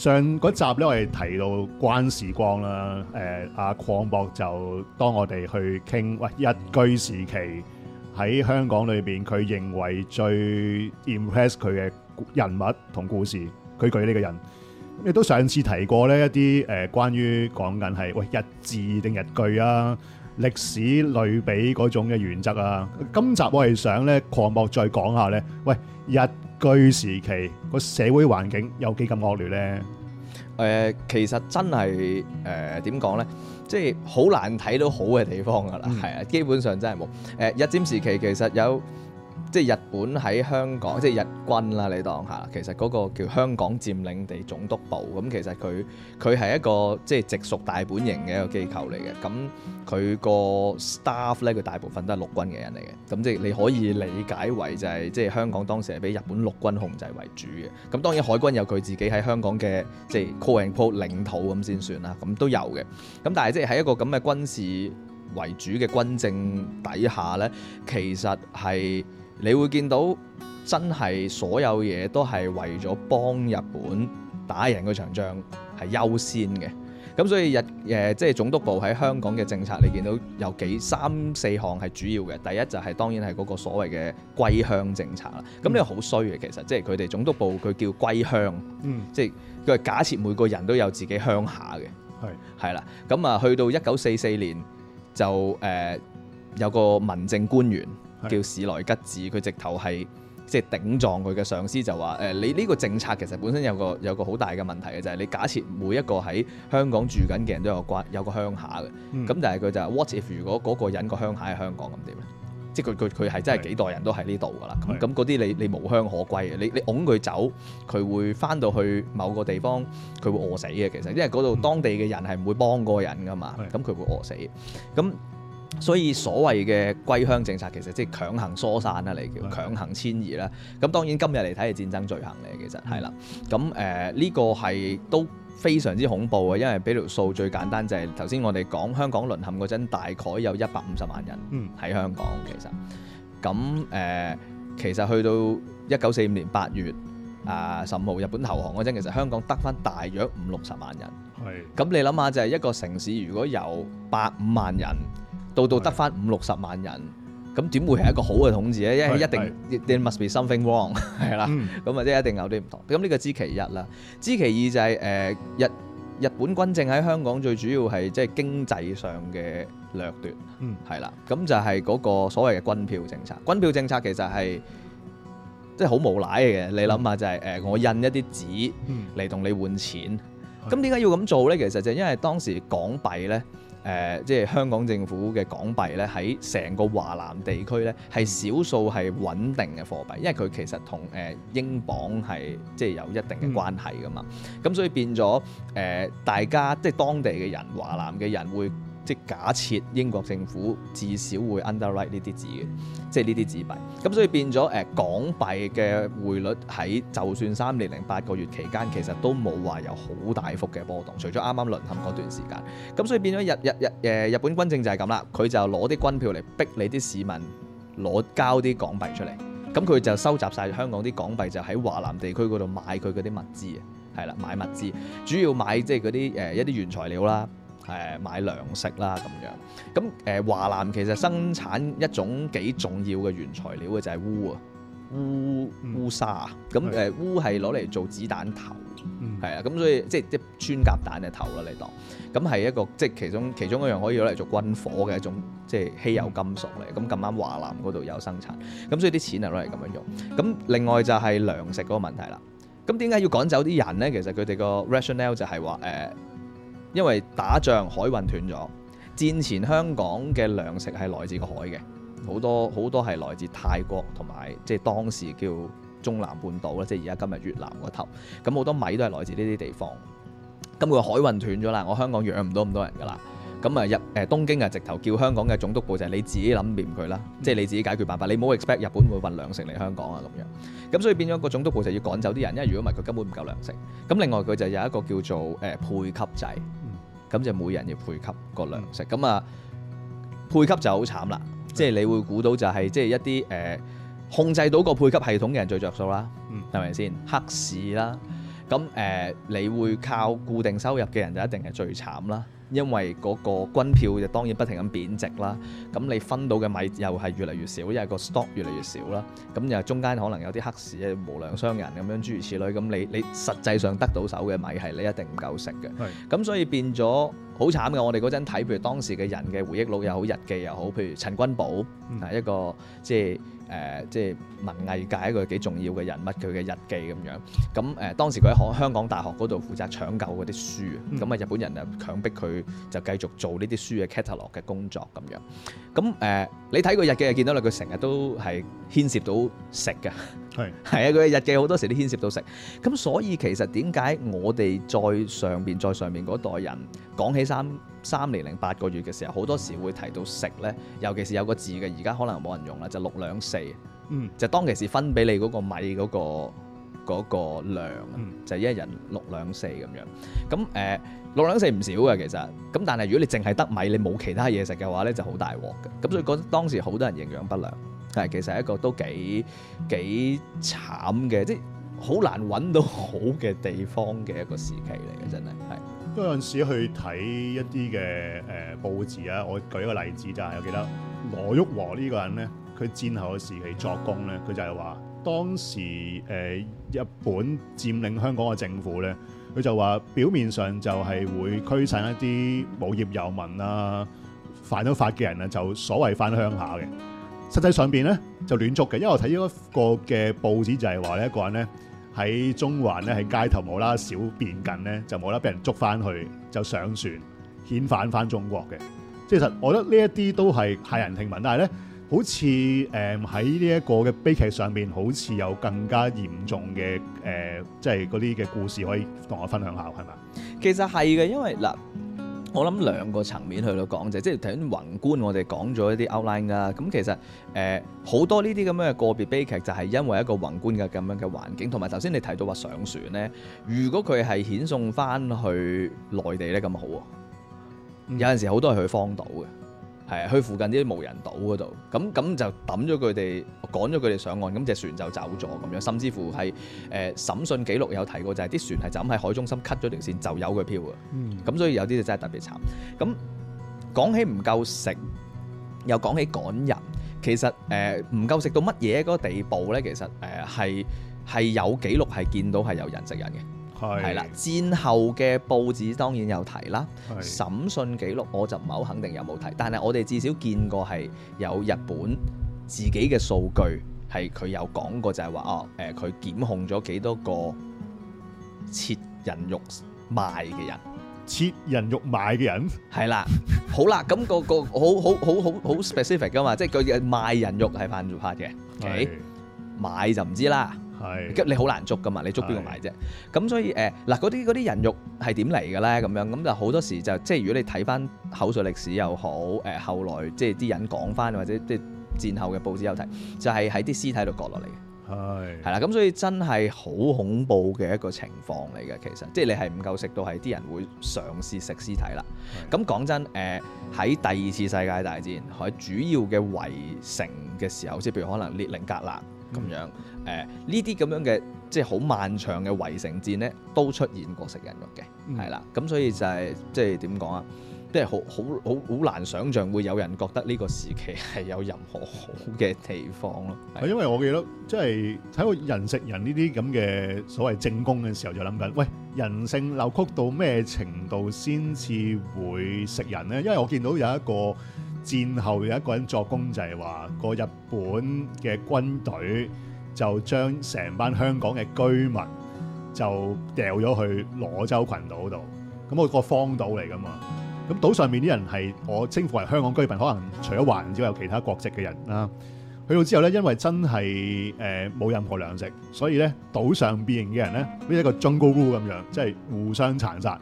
上嗰集咧，我哋提到關時光啦。誒、呃，阿鄺博就當我哋去傾，喂，日佔時期喺香港裏邊，佢認為最 impress 佢嘅人物同故事，佢舉呢個人。亦都上次提過呢一啲誒，關於講緊係喂日治定日據啊，歷史類比嗰種嘅原則啊。今集我係想咧，鄺博再講下咧，喂日居時期個社會環境有幾咁惡劣咧？誒、呃，其實真係誒點講咧，即係好難睇到好嘅地方㗎喇，係啊、嗯，基本上真係冇。誒、呃，日佔時期其實有。即係日本喺香港，即係日軍啦、啊。你當下其實嗰個叫香港佔領地總督部，咁、嗯、其實佢佢係一個即係直屬大本營嘅一個機構嚟嘅。咁佢個 staff 咧，佢大部分都係陸軍嘅人嚟嘅。咁、嗯、即係你可以理解為就係、是、即係香港當時係俾日本陸軍控制為主嘅。咁、嗯、當然海軍有佢自己喺香港嘅即係 co and pro 領土咁先算啦。咁、嗯、都有嘅。咁、嗯、但係即係喺一個咁嘅軍事為主嘅軍政底下咧，其實係。你會見到真係所有嘢都係為咗幫日本打贏嗰場仗係優先嘅，咁所以日誒、呃、即係總督部喺香港嘅政策，你見到有幾三四項係主要嘅。第一就係、是、當然係嗰個所謂嘅歸鄉政策啦。咁呢個好衰嘅，其實即係佢哋總督部佢叫歸鄉，嗯，即係佢係假設每個人都有自己鄉下嘅，係係啦。咁啊，去到、呃、一九四四年就誒有個民政官員。叫史萊吉子，佢直頭係即係頂撞佢嘅上司就話：誒、呃，你呢個政策其實本身有個有個好大嘅問題嘅，就係、是、你假設每一個喺香港住緊嘅人都有瓜有個鄉下嘅，咁但係佢就話：what if 如果嗰個人個鄉下喺香港咁點咧？即係佢佢佢係真係幾代人都喺呢度噶啦，咁咁嗰啲，你你無鄉可歸啊！你你拱佢走，佢會翻到去某個地方，佢會餓死嘅。其實因為嗰度當地嘅人係唔會幫嗰個人噶嘛，咁佢的、嗯、會餓死。咁所以所謂嘅歸鄉政策其實即係強行疏散啦，你叫的強行遷移啦。咁當然今日嚟睇係戰爭罪行咧，其實係啦。咁誒呢個係都非常之恐怖嘅，因為俾條數最簡單就係頭先我哋講香港淪陷嗰陣，大概有一百五十萬人喺香港、嗯、其實咁誒、呃。其實去到一九四五年八月啊十五號日本投降嗰陣，其實香港得返大約五六十萬人係咁。的你諗下就係一個城市如果有百五萬人。到到得返五六十萬人，咁點的會係一個好嘅統治咧？因為的一定，你的 must be something wrong，係 啦的。咁啊、嗯，即係一定有啲唔同。咁呢個知其一啦，知其二就係誒日日本軍政喺香港最主要係即係經濟上嘅掠奪，係啦、嗯。咁就係嗰個所謂嘅軍票政策。軍票政策其實係即係好無賴嘅。你諗下就係、是、誒，嗯、我印一啲紙嚟同你換錢。咁點解要咁做咧？其實就係因為當時港幣咧。誒、呃，即係香港政府嘅港幣咧，喺成個華南地區咧，係少數係穩定嘅貨幣，因為佢其實同誒、呃、英鎊係即係有一定嘅關係㗎嘛。咁所以變咗誒、呃，大家即係當地嘅人，華南嘅人會。即假設英國政府至少會 underwrite 呢啲紙嘅，即係呢啲紙幣，咁所以變咗誒、呃、港幣嘅匯率喺就算三年零八個月期間，其實都冇話有好大幅嘅波動，除咗啱啱淪陷嗰段時間，咁所以變咗日日日誒日，日本軍政就係咁啦，佢就攞啲軍票嚟逼你啲市民攞交啲港幣出嚟，咁佢就收集晒香港啲港幣，就喺華南地區嗰度買佢嗰啲物資嘅，係啦，買物資，主要買即係嗰啲誒一啲原材料啦。誒買糧食啦咁樣，咁誒、呃、華南其實生產一種幾重要嘅原材料嘅就係、是、烏啊，烏、嗯、烏沙咁誒烏係攞嚟做子彈頭，係啊、嗯，咁所以即即穿甲彈嘅頭啦，你當，咁係一個即其中其中一樣可以攞嚟做軍火嘅一種即稀有金屬嚟，咁咁啱華南嗰度有生產，咁所以啲錢係攞嚟咁樣用，咁另外就係糧食嗰個問題啦，咁點解要趕走啲人咧？其實佢哋個 rationale 就係話誒。呃呃因為打仗海運斷咗，戰前香港嘅糧食係來自個海嘅，好多好多係來自泰國同埋即係當時叫中南半島啦，即係而家今日越南嗰頭，咁好多米都係來自呢啲地方。咁個海運斷咗啦，我香港養唔到咁多人噶啦。咁啊日誒東京啊，直頭叫香港嘅總督部就係你自己諗掂佢啦，即係你自己解決辦法。你唔好 expect 日本會運糧食嚟香港啊咁樣。咁所以變咗個總督部就要趕走啲人，因為如果唔係佢根本唔夠糧食。咁另外佢就有一個叫做誒配給制。咁就每人要配給個糧食，咁啊、嗯、配給就好慘啦、嗯，就是，即係你會估到就係即係一啲誒、呃、控制到個配給系統嘅人最着數啦，嗯，係咪先黑市啦？咁誒、呃，你會靠固定收入嘅人就一定係最慘啦，因為嗰個軍票就當然不停咁貶值啦。咁你分到嘅米又係越嚟越少，因為個 stock 越嚟越少啦。咁又中間可能有啲黑市嘅無良商人咁樣諸如此類。咁你你實際上得到手嘅米係你一定唔夠食嘅。係是。咁所以變咗好慘嘅。我哋嗰陣睇，譬如當時嘅人嘅回憶錄又好，日記又好，譬如陳君寶啊，嗯、係一個即係。誒、呃，即係文藝界一個幾重要嘅人物，佢嘅日記咁樣。咁、呃、誒，當時佢喺香港大學嗰度負責搶救嗰啲書，咁啊、嗯、日本人就強迫佢就繼續做呢啲書嘅 catalog 嘅工作咁樣。咁誒、呃，你睇個日記就見到啦，佢成日都係牽涉到食㗎。係啊，佢嘅日記好多時都牽涉到食，咁所以其實點解我哋再上邊再上面嗰代人講起三三年零八個月嘅時候，好多時會提到食呢？尤其是有個字嘅，而家可能冇人用啦，就六兩四，就當其時分俾你嗰個米嗰、嗰個嗰個量，嗯、就一人六兩四咁樣，咁誒六兩四唔少嘅其實，咁但係如果你淨係得米，你冇其他嘢食嘅話呢，就好大鑊嘅，咁所以嗰當時好多人營養不良。係，其實一個都幾幾慘嘅，即係好難揾到好嘅地方嘅一個時期嚟嘅，真係。係嗰陣時去睇一啲嘅誒報紙啊，我舉一個例子就係，我記得羅旭龢呢個人咧，佢戰後嘅時期作供咧，佢就係話當時誒、呃、日本佔領香港嘅政府咧，佢就話表面上就係會驅散一啲冇業遊民啊、犯咗法嘅人啊，就所謂返鄉下嘅。實際上邊咧就亂捉嘅，因為我睇咗一個嘅報紙就係話咧，一個人咧喺中環咧喺街頭冇啦小便緊咧，就冇啦俾人捉翻去就上船遣返翻中國嘅。即係其實我覺得呢一啲都係駭人聽聞，但係咧好似誒喺呢一個嘅悲劇上邊，好似有更加嚴重嘅誒，即係嗰啲嘅故事可以同我分享下係咪？其實係嘅，因為嗱。我諗兩個層面去到講啫，即係頭先宏觀我，我哋講咗一啲 outline 噶，咁其實誒，好、呃、多呢啲咁樣嘅個別悲劇，就係因為一個宏觀嘅咁樣嘅環境。同埋頭先你提到話上船咧，如果佢係遣送翻去內地咧，咁好喎。有陣時好多係去荒島嘅。係去附近啲無人島嗰度咁咁就抌咗佢哋，趕咗佢哋上岸，咁隻船就走咗咁樣，甚至乎係誒、呃、審訊記錄有提過就係、是、啲船係就喺海中心 cut 咗條線，就有佢漂嘅。咁、嗯、所以有啲就真係特別慘。咁講起唔夠食，又講起趕人，其實誒唔、呃、夠食到乜嘢嗰個地步咧？其實誒係係有記錄係見到係有人食人嘅。係啦，戰後嘅報紙當然有提啦。的審訊記錄我就唔係好肯定有冇提，但係我哋至少見過係有日本自己嘅數據係佢有講過就，就係話哦誒，佢、呃、檢控咗幾多個切人肉賣嘅人，切人肉賣嘅人係啦，好啦，咁、那個個好好好好好 specific 噶嘛，即係佢係賣人肉係犯咗法嘅，買就唔知啦。係，咁你好難捉噶嘛？你捉邊個埋啫？咁的所以誒嗱，嗰啲啲人肉係點嚟嘅咧？咁樣咁就好多時就即係如果你睇翻口述歷史又好，誒、呃、後來即係啲人講翻或者啲戰後嘅報紙有提，就係喺啲屍體度割落嚟嘅。係係啦，咁所以真係好恐怖嘅一個情況嚟嘅，其實即係你係唔夠食到係啲人會嘗試食屍體啦。咁講的真誒，喺、呃、第二次世界大戰喺主要嘅圍城嘅時候，即係譬如可能列寧格勒。咁樣誒呢啲咁樣嘅即係好漫長嘅圍城戰咧，都出現過食人肉嘅，係啦。咁所以就係即係點講啊？即係好好好好難想像會有人覺得呢個時期係有任何好嘅地方咯。係因為我記得即係睇到人食人呢啲咁嘅所謂正宮嘅時候，就諗緊喂人性扭曲到咩程度先至會食人咧？因為我見到有一個。戰後有一個人作供，就係話，個日本嘅軍隊就將成班香港嘅居民就掉咗去羅州群島度，咁、那、我個荒島嚟噶嘛，咁島上面啲人係我稱呼為香港居民，可能除咗環之外有其他國籍嘅人啦。去到之後咧，因為真係誒冇任何糧食，所以咧島上邊嘅人咧好似一個 jungle rule 咁樣，即係互相殘殺，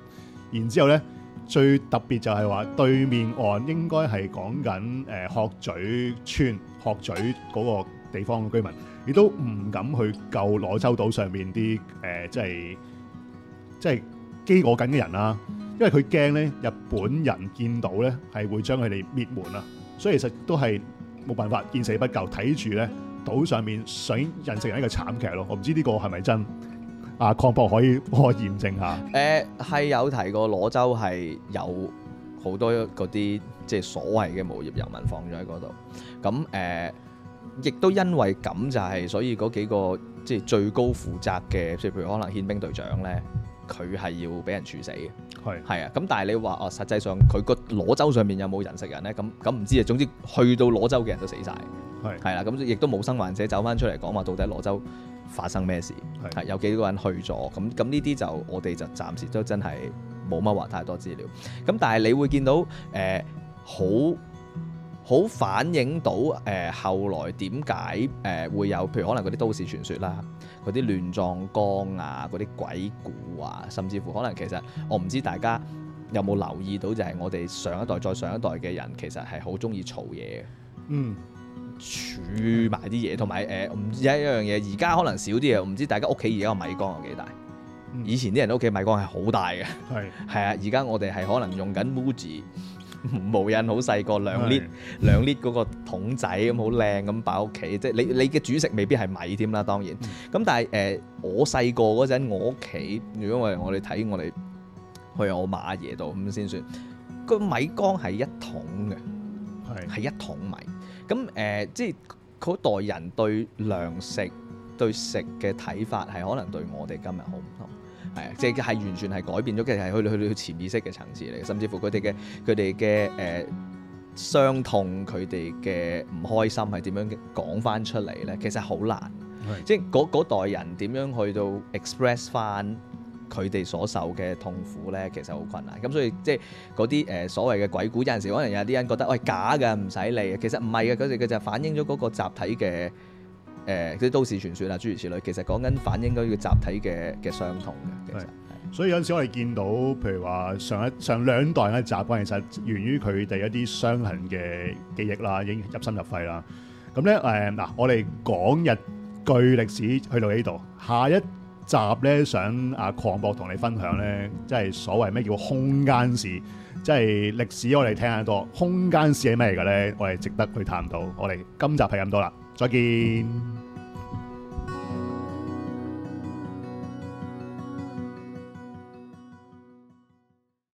然之後咧。最特別就係話，對面岸應該係講緊誒鶴咀村、鶴咀嗰個地方嘅居民，亦都唔敢去救螺洲島上面啲誒，即係即係飢餓緊嘅人啦。因為佢驚咧，日本人見到咧，係會將佢哋滅門啊。所以其實都係冇辦法見死不救，睇住咧島上面上演人性一個慘劇咯。我唔知呢個係咪真？啊，鄺博可以幫我驗證下。誒係有提過，螺洲係有好多嗰啲即係所謂嘅無業遊民放咗喺嗰度。咁誒、呃，亦都因為咁就係、是，所以嗰幾個即係最高負責嘅，即係譬如可能憲兵隊長咧，佢係要俾人處死嘅。係係啊。咁但係你話啊、呃，實際上佢個螺洲上面有冇人食人咧？咁咁唔知啊。總之去到螺洲嘅人都死晒。係係啦。咁、嗯、亦都冇生還者走翻出嚟講話，到底螺洲。發生咩事？係的有幾個人去咗？咁咁呢啲就我哋就暫時都真係冇乜話太多資料。咁但係你會見到誒好好反映到誒、呃、後來點解誒會有？譬如可能嗰啲都市傳說啦，嗰啲亂葬崗啊，嗰啲鬼故啊，甚至乎可能其實我唔知大家有冇留意到，就係我哋上一代再上一代嘅人其實係好中意嘈嘢嘅。嗯。儲埋啲嘢，同埋誒，唔、呃、知一樣嘢。而家可能少啲啊，唔知大家屋企而家個米缸有幾大？嗯、以前啲人屋企米缸係好大嘅，係係是啊。而家我哋係可能用緊 Muji，無印，好細個兩 lift 是兩 lift 嗰個桶仔咁好靚咁擺屋企。即係你你嘅主食未必係米添啦，當然。咁、嗯、但係誒、呃，我細個嗰陣我屋企，如果我哋睇我哋去我嫲爺度咁先算個米缸係一桶嘅，係係是一桶米。咁誒、呃，即係嗰代人對糧食對食嘅睇法係可能對我哋今日好唔同，係即係係完全係改變咗其實，係去去去潛意識嘅層次嚟，甚至乎佢哋嘅佢哋嘅誒傷痛，佢哋嘅唔開心係點樣講翻出嚟咧？其實好難，的即係嗰代人點樣去到 express 翻。佢哋所受嘅痛苦咧，其實好困難。咁所以即係嗰啲誒所謂嘅鬼故，有陣時可能有啲人覺得，喂，假嘅唔使理。其實唔係嘅，嗰時佢就反映咗嗰個集體嘅誒啲都市傳說啊，諸如此類。其實講緊反映嗰個集體嘅嘅傷痛嘅。其實，所以有陣時我哋見到，譬如話上一上兩代嘅習慣，其實源於佢哋一啲傷痕嘅記憶啦，已經入心入肺啦。咁咧誒嗱，我哋講日據歷史去到呢度，下一集咧想啊，鄺博同你分享咧，即係所謂咩叫空間史，即係歷史我哋聽得多，空間史係咩嚟㗎咧？我哋值得去探討。我哋今集係咁多啦，再見。